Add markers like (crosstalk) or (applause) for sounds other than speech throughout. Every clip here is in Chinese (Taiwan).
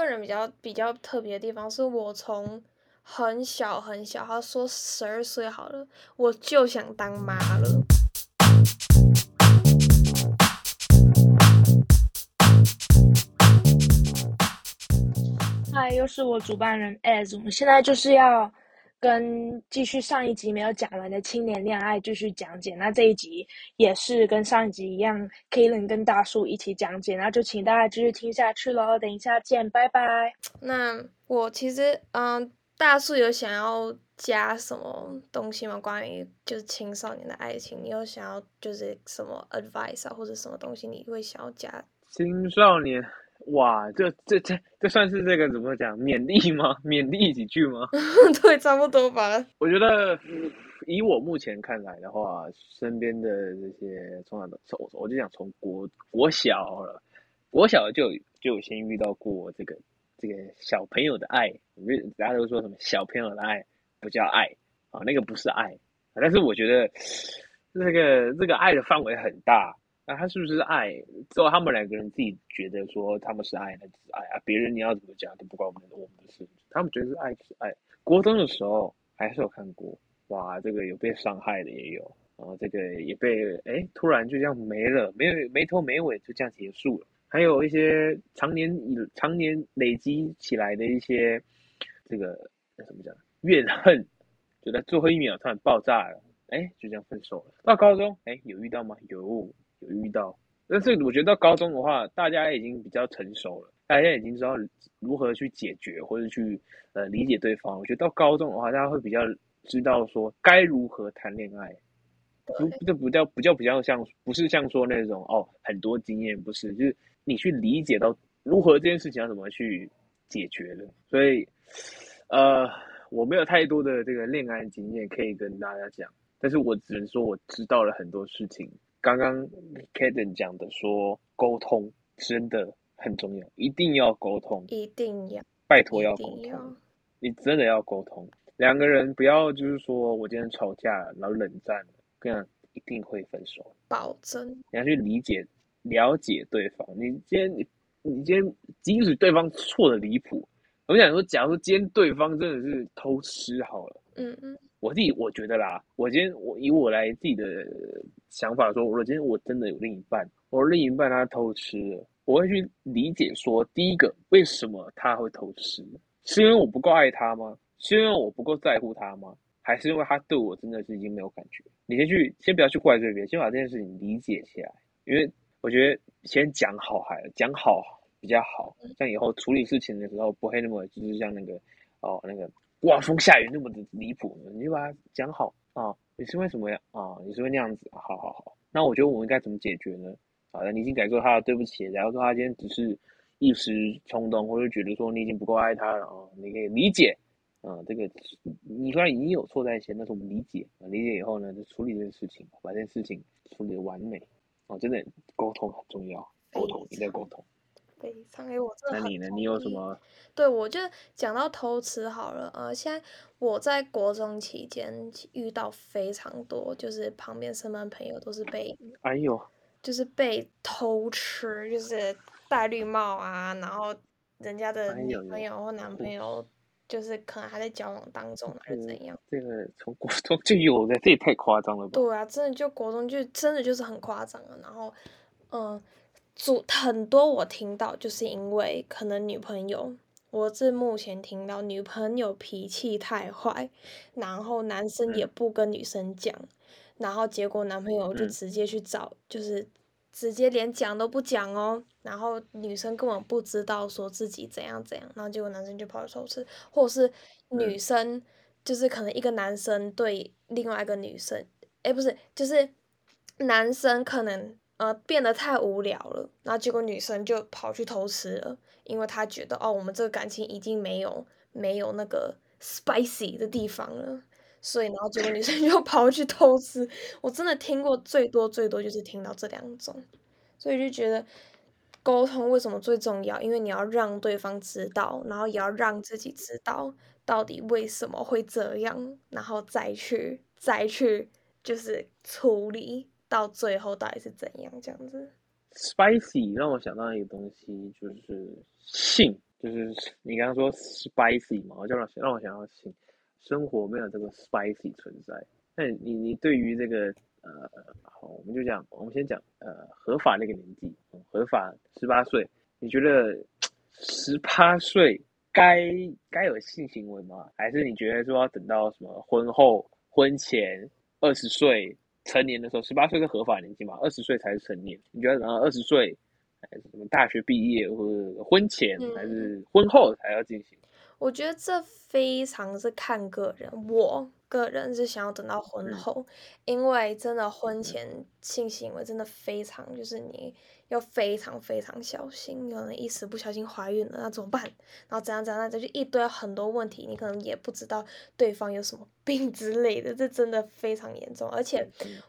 個人比較比較特別的地方是我從很小很小，哈說十二歲好了，我就想當媽了。嗨，又是我主辦人 AS，欸，我們現在就是要。跟繼續上一集沒有講完的青年戀愛繼續講解，那這一集也是跟上一集一樣 Kaitlyn 跟大樹一起講解，那就請大家繼續聽下去嘍。等一下見，拜拜。那我其實，嗯，大樹有想要加什麼東西嗎？關於就是青少年的愛情，你有想要就是什麼 advice 啊，或者什麼東西，你會想要加青少年。哇，這這這這算是這個怎麼講勉勵嗎？勉勵幾句嗎？ (laughs) 對，差不多吧。我覺得以我目前看來的話，身邊的這些從小的，我我就想從國國小，國小就就先遇到過這個這個小朋友的愛。因為大家都說什麼小朋友的愛不叫愛啊，那個不是愛。但是我覺得那個那個愛的範圍很大。啊，他是不是愛？只有他們兩個人自己覺得說他們是愛，的是愛啊！別人你要怎麼講都不關我們我們的事。他們覺得是愛是愛。國中的時候還是有看過，哇，這個有被傷害的也有，然後這個也被哎、欸，突然就這樣沒了，沒有沒頭沒尾就這樣結束了。還有一些常年以常年累積起來的一些這個那怎、欸、麼講怨恨，就在最後一秒突然爆炸了，哎、欸，就這樣分手了。到高中哎、欸，有遇到嗎？有。有遇到，但是我覺得到高中的話，大家已經比較成熟了，大家已經知道如何去解決或者去呃理解對方。我覺得到高中的話，大家會比較知道說該如何談戀愛，不，這不叫不叫比較像，不是像說那種哦，很多經驗不是，就是你去理解到如何這件事情要怎麼去解決了。所以，呃，我沒有太多的這個戀愛經驗可以跟大家講，但是我只能說我知道了很多事情。剛剛 Kaitlyn 講的說，溝通真的很重要，一定要溝通，一定要，拜托要溝通，你真的要溝通。兩個人不要就是說，我今天吵架，然後冷戰，這樣一定會分手，保證。你要去理解、了解對方。你今天，你今天，即使對方錯的離譜，我想說，假如今天對方真的是偷吃好了，嗯嗯。我自己我覺得啦，我今天我以我來自己的想法說，我今天我真的有另一半，我另一半他偷吃了，我會去理解說，第一個為什麼他會偷吃？是因為我不夠愛他嗎？是因為我不夠在乎他嗎？還是因為他對我真的是已經沒有感覺？你先去先不要去怪罪別人，先把這件事情理解起來，因為我覺得先講好還講好比較好，像以後處理事情的時候不會那麼就是像那個哦那個。刮風下雨那麼的離譜，你就把它講好啊！你是為什麼呀？啊，你是會那樣子？好好好，那我覺得我們該怎麼解決呢？好的，你已經感受他的對不起，然後說他今天只是一時衝動，或者覺得說你已經不夠愛他了啊，你可以理解啊。這個你雖然已經有錯在先，但是我們理解，啊。理解以後呢，就處理這件事情，把這件事情處理完美。啊，真的溝通很重要，溝通一定要溝通。被唱給我。的那你呢？你有什麼？對，我就講到偷吃好了。呃，現在我在國中期間遇到非常多，就是旁邊身邊朋友都是被，哎呦，就是被偷吃，哎、就是戴綠帽啊，然後人家的女朋友或男朋友，就是可能還在交往當中還是怎樣。這個從國中就有的，這也太誇張了吧。對啊，真的就國中就真的就是很誇張啊！然後，嗯、呃。主很多我聽到就是因為可能女朋友，我是目前聽到女朋友脾氣太壞，然後男生也不跟女生講，嗯、然後結果男朋友就直接去找，嗯、就是直接連講都不講哦，然後女生根本不知道說自己怎樣怎樣，然後結果男生就跑去偷吃，或者是女生、嗯、就是可能一個男生對另外一個女生，誒，不是，就是男生可能。呃，變得太無聊了，然後結果女生就跑去偷吃了，因為她覺得哦，我們這個感情已經沒有沒有那個 spicy 的地方了，所以然後結果女生就跑去偷吃。我真的聽過最多最多就是聽到這兩種，所以就覺得溝通為什麼最重要？因為你要讓對方知道，然後也要讓自己知道到底為什麼會這樣，然後再去再去就是處理。到最後到底是怎樣？這樣子，spicy 讓我想到一個東西，就是性，就是你剛剛說 spicy 嘛，我就讓，讓我想到性，生活沒有這個 spicy 存在。那你你對於這個呃，好，我們就講，我們先講呃合法那個年紀，合法十八歲，你覺得十八歲該該有性行為嗎？還是你覺得說要等到什麼婚後、婚前二十歲？成年的時候，十八歲是合法年紀嘛，二十歲才是成年。你覺得然後二十歲，還是什麼大學畢業或者婚前還是婚後才要進行？嗯，我覺得這非常是看個人。我。個人是想要等到婚後，因為真的婚前性行為真的非常，嗯、就是你要非常非常小心，可能一時不小心懷孕了，那怎麼辦？然後怎樣怎樣，那就一堆很多問題，你可能也不知道對方有什麼病之類的，這真的非常嚴重。而且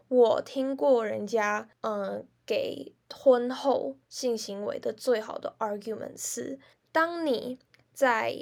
我聽過人家，嗯、呃，給婚後性行為的最好的 argument 是，當你在。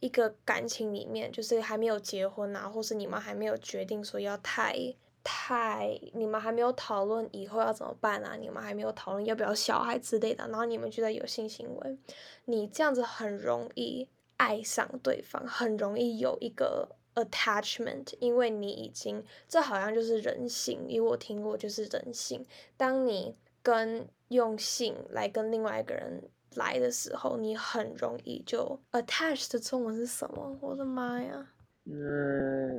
一個感情裡面，就是還沒有結婚啊，或是你們還沒有決定說要太太，你們還沒有討論以後要怎麼辦啊，你們還沒有討論要不要小孩之類的，然後你們就在有性行為，你這樣子很容易愛上對方，很容易有一個 attachment，因為你已經，這好像就是人性，因為我聽過就是人性，當你跟用性來跟另外一個人。來的時候，你很容易就 attach 的中文是什麼？我的媽呀！嗯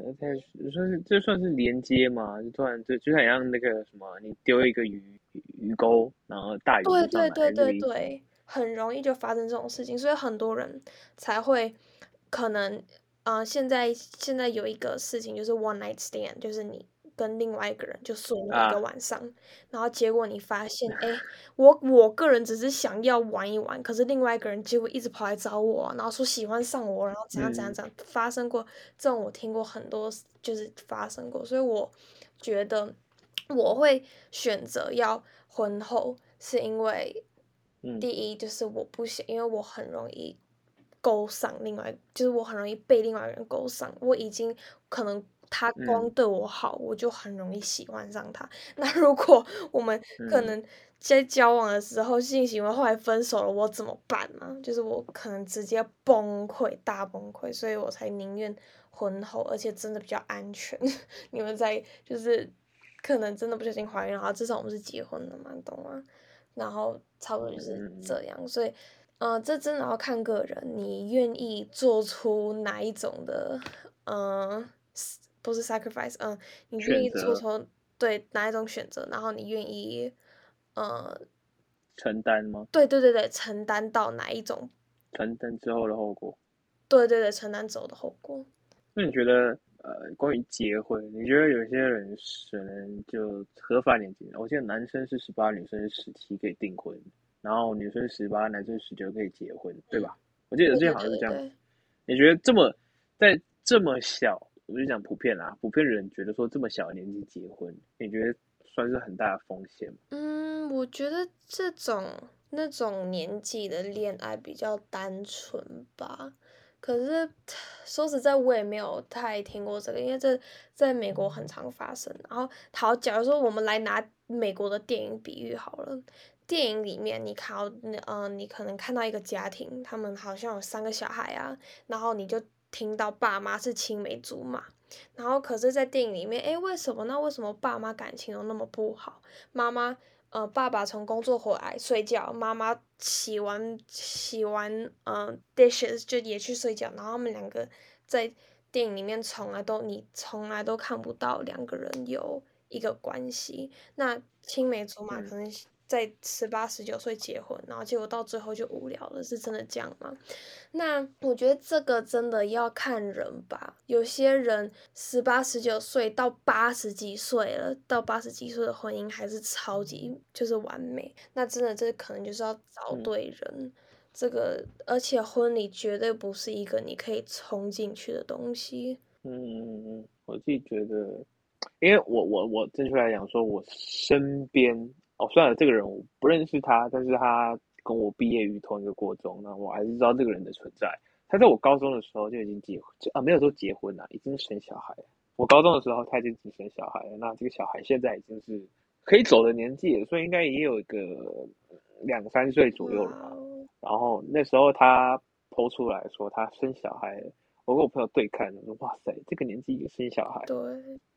，attach 算是這算是連接嘛，就突然就就想像那個什麼，你丟一個魚魚鈎，然後大魚就上來了，對對對對，很容易就發生這種事情，所以很多人才會可能啊、呃，現在現在有一個事情就是 one night stand，就是你。跟另外一個人就說了一個晚上，uh. 然後結果你發現，哎、欸，我我個人只是想要玩一玩，可是另外一個人結果一直跑來找我，然後說喜歡上我，然後怎樣怎樣怎樣，mm. 發生過這種我聽過很多，就是發生過，所以我覺得我會選擇要婚後，是因為第一就是我不想，mm. 因為我很容易勾上另外，就是我很容易被另外一個人勾上，我已經可能。他光對我好，我就很容易喜歡上他。那如果我們可能在交往的時候性行為，嗯、信息後來分手了，我怎麼辦呢？就是我可能直接崩潰，大崩潰，所以我才寧願婚後，而且真的比較安全， (laughs) 你們在就是可能真的不小心懷孕，哈，至少我們是結婚了嘛，懂嗎？然後差不多就是這樣，所以，嗯、呃，這真的要看個人，你願意做出哪一種的，嗯、呃。不是 sacrifice，嗯，你願意做出選擇對哪一種選擇，然後你願意，呃，承擔嗎？對對對對，承擔到哪一種？嗯、承擔之後的後果。對對對，承擔之後的後果。那你覺得，呃，關於結婚，你覺得有些人是，能就合法年紀，我記得男生是十八，女生十七可以訂婚，然後女生十八，男生十九可以結婚，對吧？嗯、我記得之前好像是這樣。對對對對，你覺得這麼在這麼小？我就講普遍啦、啊，普遍人覺得說這麼小年紀結婚，你覺得算是很大的風險嗎？嗯，我覺得這種那種年紀的戀愛比較單純吧。可是說實在，我也沒有太聽過這個，因為這在美國很常發生。然後，好，假如說我們來拿美國的電影比喻好了，電影裡面你看，嗯、呃，你可能看到一個家庭，他們好像有三個小孩啊，然後你就。聽到爸媽是青梅竹馬，然後可是，在電影裡面，誒，為什麼？那為什麼爸媽感情又那麼不好？媽媽，呃，爸爸從工作回來睡覺，媽媽洗完洗完，嗯、呃、dishes 就也去睡覺，然後他們兩個在電影裡面從來都你從來都看不到兩個人有一個關係，那青梅竹馬可能。嗯在十八十九歲結婚，然後結果到最後就無聊了，是真的這樣嗎？那我覺得這個真的要看人吧。有些人十八十九歲到八十幾歲了，到八十幾歲的婚姻還是超級就是完美。那真的，這可能就是要找對人。嗯、這個，而且婚禮絕對不是一個你可以衝進去的東西。嗯，我自己覺得，因為我我我正確講說，我身邊。哦，算了，這個人我不認識他，但是他跟我畢業於同一個國中，那我還是知道這個人的存在。他在我高中的時候就已經結婚啊，沒有說結婚了，啊，已經生小孩。我高中的時候他已經只生小孩了，那這個小孩現在已經是可以走的年紀了，所以應該也有一個兩三歲左右了。Wow. 然後那時候他 po 出來說他生小孩，我跟我朋友對看，我說哇塞，這個年紀也生小孩，對，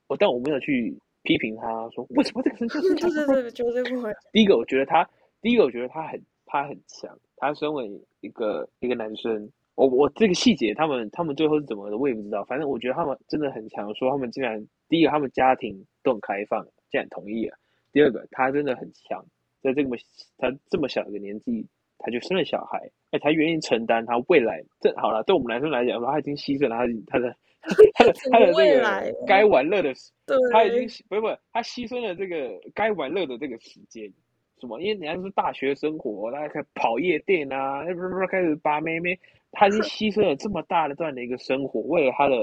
我但我沒有去。批評他說：“為什麼這個人就是就是就是不會？” (laughs) (laughs) 第一個，我覺得他， (laughs) 第一個，我覺得他很他很強。他身為一個一個男生，我我這個細節，他們他們最後是怎麼的，我也不知道。反正我覺得他們真的很強。說他們竟然第一個，他們家庭都很開放，竟然同意了、啊。第二個，他真的很強，在這麼、個、他這麼小的年紀，他就生了小孩，哎，他願意承擔他未來。這好了，對我們男生來講，他已經犧牲了他他的。 (laughs) 他的他的 (laughs) 未來、啊，該玩樂的時，他已經不是不,不他犧牲了這個該玩樂的這個時間，什麼？因為人家是大學生活，大家開始跑夜店啊，開始扒妹妹，他已經犧牲了這麼大的段的一個生活， (laughs) 為了他的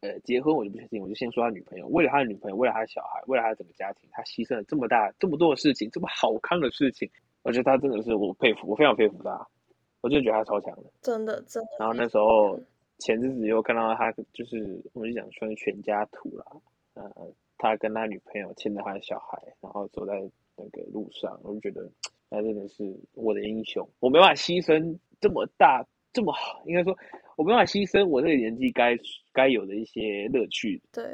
呃結婚，我就不確定，我就先說他女朋友，為了他的女朋友，為了他的小孩，為了他的整個家庭，他犧牲了這麼大這麼多的事情，這麼好康的事情，而且他真的是我佩服，我非常佩服他，我真的覺得他超強的，真的真的。然後那時候。前陣子又看到他，就是我們就講說全家圖啦，呃，他跟他女朋友牽着他的小孩，然後走在那個路上，我就覺得他真的是我的英雄，我沒辦法犧牲這麼大這麼好，應該說我沒辦法犧牲我這個年紀該該有的一些樂趣，對，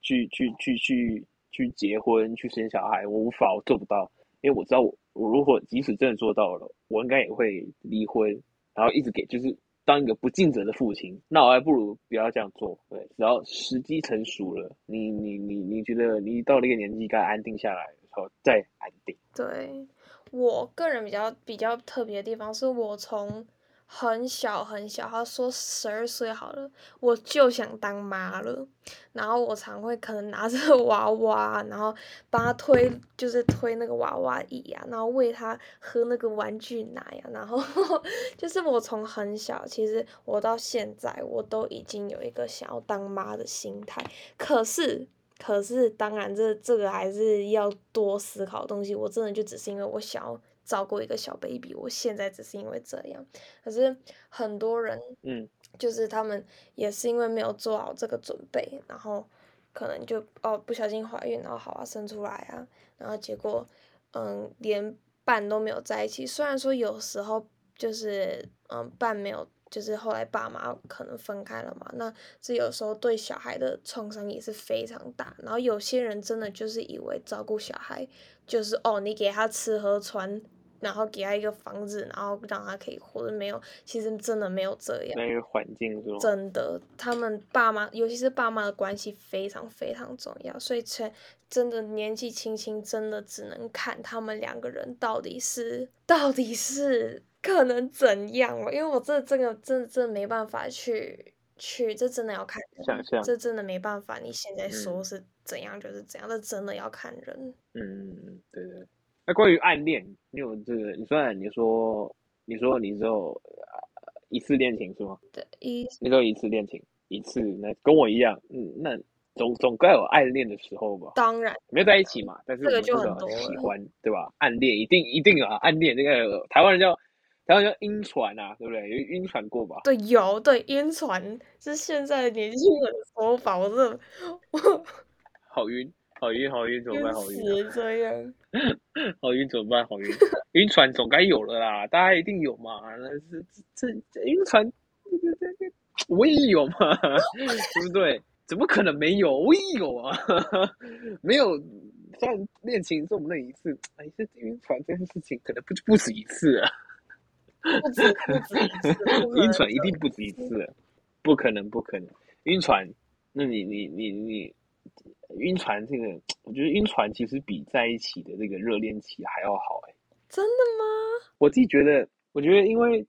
去去去去去結婚去生小孩，我無法我做不到，因為我知道我我如果即使真的做到了，我應該也會離婚，然後一直給就是。當一個不盡責的父親，那我還不如不要這樣做。對，只要時機成熟了，你你你你覺得你到那個年紀該安定下來然後再安定。對，我個人比較比較特別的地方，是我從。很小很小，他說十二歲好了，我就想當媽了。然後我常會可能拿着娃娃，然後把他推，就是推那個娃娃椅啊，然後餵他喝那個玩具奶啊。然後就是我從很小，其實我到現在我都已經有一個想要當媽的心態。可是，可是，當然這這個還是要多思考的東西。我真的就只是因為我想要。照顧一個小 baby，我現在只是因為這樣，可是很多人，嗯，就是他們也是因為沒有做好這個準備，然後可能就哦不小心懷孕，然後好啊生出來啊，然後結果嗯連伴都沒有在一起。雖然說有時候就是嗯伴沒有，就是後來爸媽可能分開了嘛，那是有時候對小孩的創傷也是非常大。然後有些人真的就是以為照顧小孩就是哦你給他吃喝穿。然後給他一個房子，然後讓他可以活着，沒有，其實真的沒有這樣。那個環境這真的，他們爸媽，尤其是爸媽的關係非常非常重要，所以才真的年紀輕輕，真的只能看他們兩個人到底是到底是可能怎樣了，因為我這這個真的，真的，真的，真的沒辦法去去，這真的要看人，想像這真的沒辦法。你現在說是怎樣就是怎樣，嗯、這真的要看人。嗯，對對。那、啊、關於暗戀，你有這個？你算你說，你說你只有一次戀情是嗎？對一，一次，你只有一次戀情，一次。那跟我一樣，嗯，那總總該有暗戀的時候吧？當然，沒在一起嘛。但是、這個、這個就很喜歡，對吧？暗戀一定一定啊！暗戀這個台灣人叫台灣叫暈船啊，對不對？有暈船過吧？對，有對暈船是現在的年輕人說法，我真的，我好暈。好暈，好暈，怎麼辦？好暈，這樣。好暈，怎麼辦？好暈，暈船總該有了啦，大家一定有嘛？那是這這暈船， (laughs) 我也有嘛？ (laughs) 對不對，怎麼可能沒有？我也有啊，沒有。像戀情這種類似，一次，哎，這暈船這件事情可能不，不止一次啊，不止一次，暈船一定不止一次啊，不可能，不可能，暈船，那你你你你。你你暈船這個，我覺得暈船其實比在一起的那個熱戀期還要好哎。真的嗎？我自己覺得，我覺得因為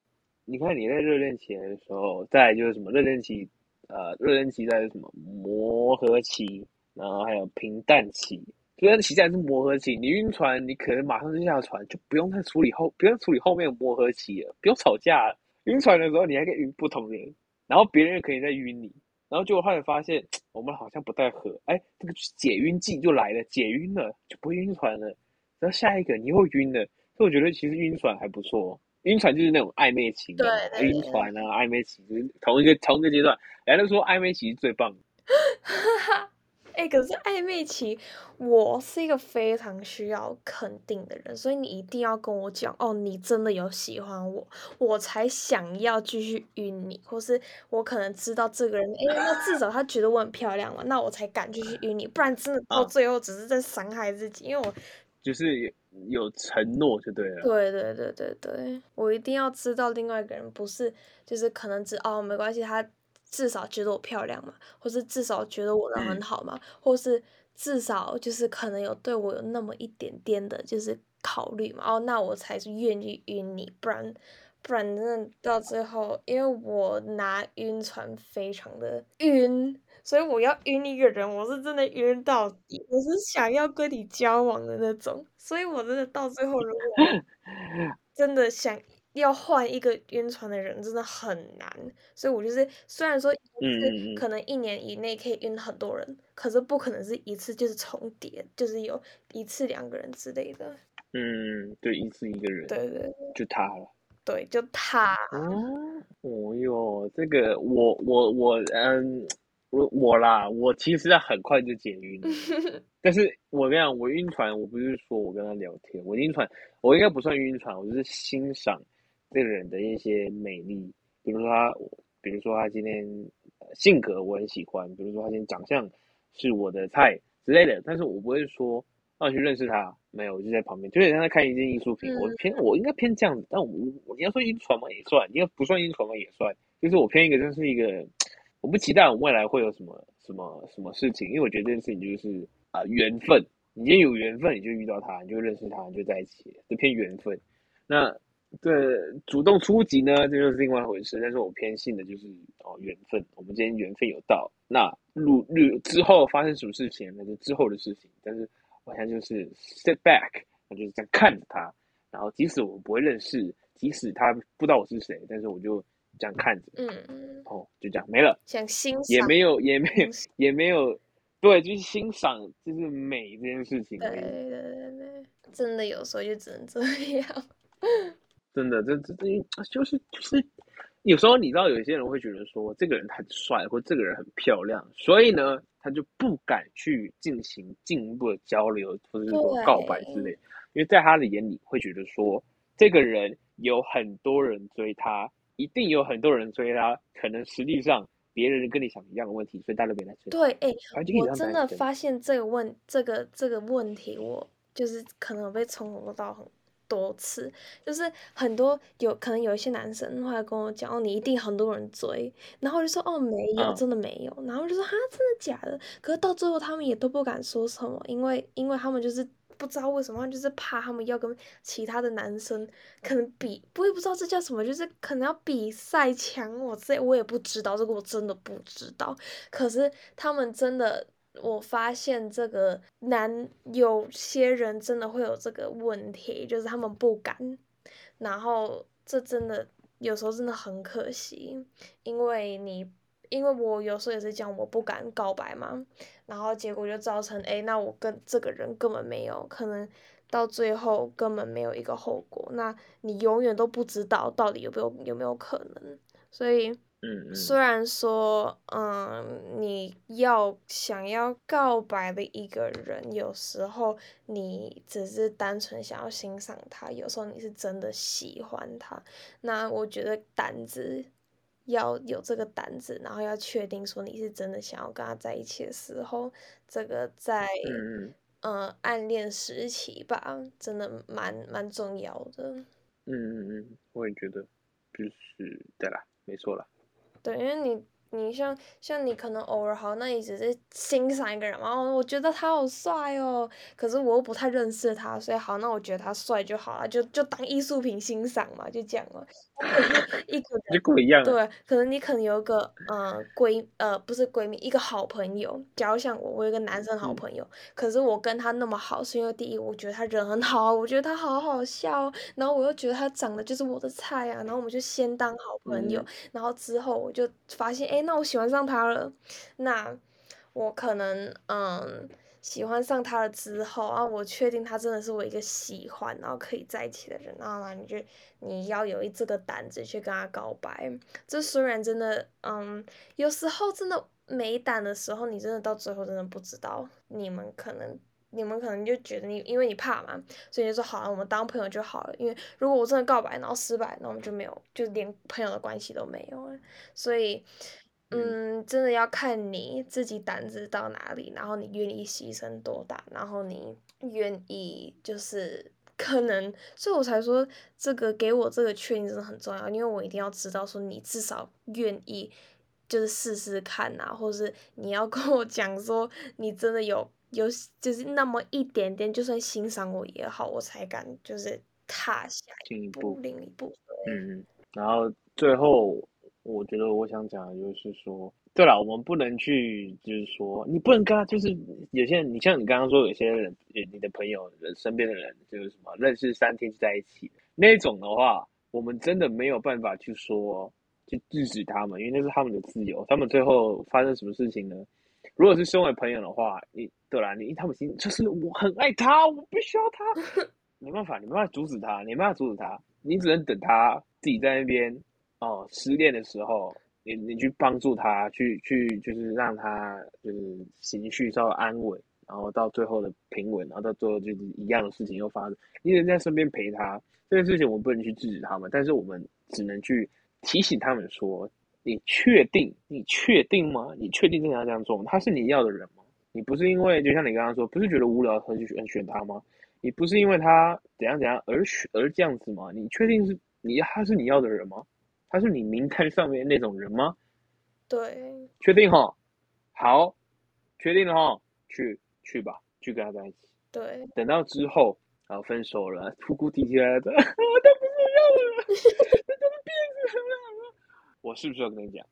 你看你在熱戀期的時候，再就是什麼熱戀期，呃，熱戀期再什麼磨合期，然後還有平淡期。熱戀期再是磨合期，你暈船，你可能馬上就下船，就不用再處理後，不用處理後面的磨合期了，不用吵架。暈船的時候，你還可以暈不同人，然後別人也可以在暈你，然後就後來發現。我們好像不太合，哎，這、那個解暈劑就來了，解暈了就不會暈船了。然後下一個你又暈了，所以我覺得其實暈船還不錯，暈船就是那種曖昧期、啊，對暈船啊曖昧期就是同一個同一個階段。人家都說曖昧期是最棒的。 (laughs) 哎、欸，可是曖昧期，我是一個非常需要肯定的人，所以你一定要跟我講哦，你真的有喜歡我，我才想要繼續約你，或是我可能知道這個人，哎、欸，那至少他覺得我很漂亮嘛，那我才敢繼續約你，不然真的到最後只是在傷害自己，因為我就是有承諾就對了，對對對對對，我一定要知道另外一個人不是，就是可能只，哦，沒關係，他。至少覺得我漂亮嘛，或是至少覺得我人很好嘛，或是至少就是可能有對我有那麼一點點的，就是考慮嘛。哦，那我才是願意暈你，不然不然真的到最後，因為我拿暈船非常的暈，所以我要暈一個人，我是真的暈到底，我是想要跟你交往的那種，所以我真的到最後如果真的想。要換一個暈船的人真的很難，所以我就是雖然說，嗯可能一年以內可以暈很多人，嗯、可是不可能是一次就是重疊，就是有一次兩個人之類的。嗯，對，一次一個人，對對，就他了。對，就他。啊、哦，哎呦，這個我我我嗯，我我啦，我其實很快就解暈， (laughs) 但是我跟你講，我暈船，我不是說我跟他聊天，我暈船，我應該不算暈船，我就是欣賞。這個人的一些美麗，比如說他，比如說他今天，呃、性格我很喜歡，比如說他今天長相是我的菜之類的，但是我不會說讓我去認識他，沒有，我就在旁邊，就像在看一件藝術品。我偏，我應該偏這樣子，但我，我，我你要說暈船嘛也算，你要不算暈船嘛也算，就是我偏一個，就是一個，我不期待我未來會有什麼什麼什麼事情，因為我覺得這件事情就是啊緣、呃、分，你今天有緣分，你就遇到他，你就認識他，你就在一起，就偏緣分。那。對，主動出擊呢，這就是另外一回事。但是我偏信的，就是哦，緣分。我們今天緣分有到，那入入之後發生什麼事情，那就之後的事情。但是我現在就是 sit back，我就是在看着他。然後即使我不會認識，即使他不知道我是誰，但是我就這樣看着，嗯，哦，就這樣沒了，想欣賞，也沒有，也沒有，也沒有，對，就是欣賞，就是美這件事情。對對對對，對，對，對，對，真的有時候就只能這樣。真的，這這這，就是就是，有時候你知道，有些人會覺得說，這個人很帥，或這個人很漂亮，所以呢，他就不敢去進行進一步的交流，或者是說告白之類。對因為在他的眼裡，會覺得說，這個人有很多人追他，一定有很多人追他，可能實際上別人跟你想一樣的問題，所以大家都沒來追。對，哎、欸，我真的發現這個問，這個這個問題我，我就是可能被從紅到很。多次，就是很多有可能有一些男生後來跟我講哦，你一定很多人追，然後我就說哦，沒有，真的沒有，然後就說哈，真的假的？可是到最後他們也都不敢說什麼，因為因為他們就是不知道為什麼，就是怕他們要跟其他的男生可能比，我也不知道這叫什麼，就是可能要比賽搶我這，我也不知道這個，我真的不知道。可是他們真的。我發現這個男有些人真的會有這個問題，就是他們不敢。然後這真的有時候真的很可惜，因為你因為我有時候也是這樣，我不敢告白嘛。然後結果就造成，誒、哎，那我跟這個人根本沒有可能，到最後根本沒有一個後果。那你永遠都不知道到底有沒有有沒有可能，所以。雖然說，嗯，你要想要告白的一個人，有時候你只是單純想要欣賞他，有時候你是真的喜歡他。那我覺得膽子要有這個膽子，然後要確定說你是真的想要跟他在一起的時候，這個在嗯、呃、暗戀時期吧，真的蠻蠻重要的。嗯嗯嗯，我也覺得，就是，對啦，沒錯啦。對，因為你，你像，像你可能偶爾好，那你只是欣賞一個人嘛，我我覺得他好帥哦，可是我又不太認識他，所以好，那我覺得他帥就好了，就就當藝術品欣賞嘛，就這樣了。一股 (laughs) (laughs) 一樣、啊，對，可能你可能有一個嗯，閨呃，呃不是閨蜜，一個好朋友，假如像我，我有個男生好朋友，嗯、可是我跟他那麼好，是因為第一，我覺得他人很好，我覺得他好好笑，然後我又覺得他長得就是我的菜啊，然後我們就先當好朋友，嗯、然後之後我就發現，誒，那我喜歡上他了，那我可能嗯。喜歡上他了之後，啊，我確定他真的是我一個喜歡，然後可以在一起的人，然後呢，你就你要有這個膽子去跟他告白。這雖然真的，嗯，有時候真的沒膽的時候，你真的到最後真的不知道，你們可能你們可能就覺得你因為你怕嘛，所以就說好了，我們當朋友就好了。因為如果我真的告白然後失敗，那我們就沒有，就連朋友的關係都沒有了，所以。嗯，真的要看你自己膽子到哪裡，然後你願意犧牲多大，然後你願意就是可能，所以我才說，這個給我這個圈子真的很重要，因為我一定要知道說，你至少願意就是試試看啊，或者是你要跟我講說，你真的有有就是那麼一點點，就算欣賞我也好，我才敢就是踏下一步，另一步。一步，嗯，然後最後。我覺得我想講的就是說，對啦，我們不能去，就是說，你不能跟他，就是有些人，你像你剛剛說，有些人，你的朋友、身邊的人，就是什麼認識三天就在一起那一種的話，我們真的沒有辦法去說去制止他們，因為那是他們的自由。他們最後發生什麼事情呢？如果是身為朋友的話，你對啦，你他們心就是我很愛他，我不需要他， (laughs) 你沒辦法，你沒辦法阻止他，你沒辦法阻止他，你沒辦法阻止他，你只能等他自己在那邊。哦，失戀的時候，你你去幫助他，去去就是讓他就是情緒稍微安穩，然後到最後的平穩，然後到最後就是一樣的事情又發生。你人在身邊陪他，這件事情我們不能去制止他們，但是我們只能去提醒他們說：“你確定？你確定嗎？你確定這樣這樣做嗎？他是你要的人嗎？你不是因為就像你剛剛說，不是覺得無聊才去選選他嗎？你不是因為他怎樣怎樣而選而這樣子嗎？你確定是你他是你要的人嗎？”他是你名單上面那種人嗎？對，確定哈，好，確定的哈，去去吧，去跟他在一起。對，等到之後，然後分手了，哭哭啼啼來的，哦、他不想要了，他都變成那樣了？我是不是要跟你講？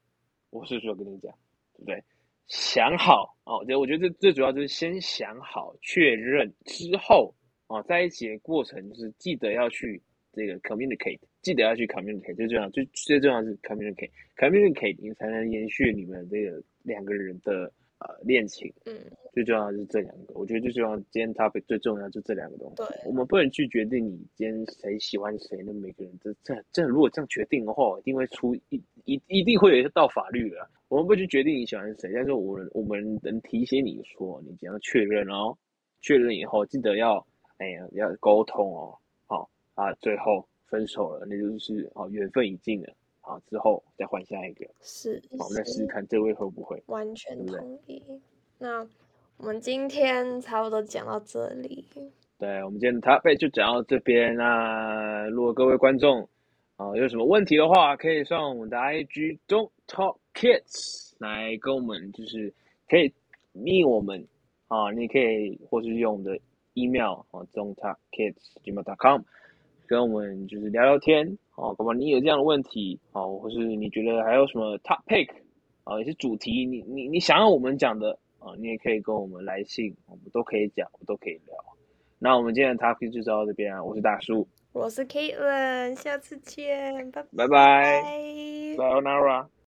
我是不是要跟你講？對，對想好哦對，我覺得這，我覺得最主要就是先想好，確認之後啊、哦，在一起的過程就是記得要去這個 communicate。記得要去 communicate，最重要，最最重要是 communicate，communicate，你才能延續你們這個兩個人的呃戀情。嗯，最重要的是這兩個，我覺得就最重要今天 topic 最重要就這兩個東西。對，我們不能去決定你今天誰喜歡誰，那每個人這這這如果這樣決定的話，一定會出一一一定會有一到法律的。我們不去決定你喜歡誰，但是我們我們能提醒你說，你只要確認哦，確認以後記得要哎呀要溝通哦，好、哦、啊，最後。分手了，那就是緣、哦、分已盡了。好、哦，之後再換下一個。是，好，再試試看這位會不會完全同意。是是，那我們今天差不多講到這裡。對，我們今天的 topic 就講到這邊、啊。那如果各位觀眾啊、哦、有什麼問題的話，可以上我們的 IG (music) don't talk kids 來跟我們，就是可以密我們啊、哦，你可以或是用我們的 email 啊、哦，don't talk kids@gmail.com。跟我們就是聊聊天、哦、好，可能你有這樣的問題好、哦，或是你覺得還有什麼 topic 啊、哦，也是主題，你你你想要我們講的啊、哦，你也可以跟我們來信，哦、我們都可以講，我們都可以聊。那我們今天的 topic 就到這邊，我是大樹，我是 Kaitlyn 下次見，拜拜，拜拜拜哦 Nara。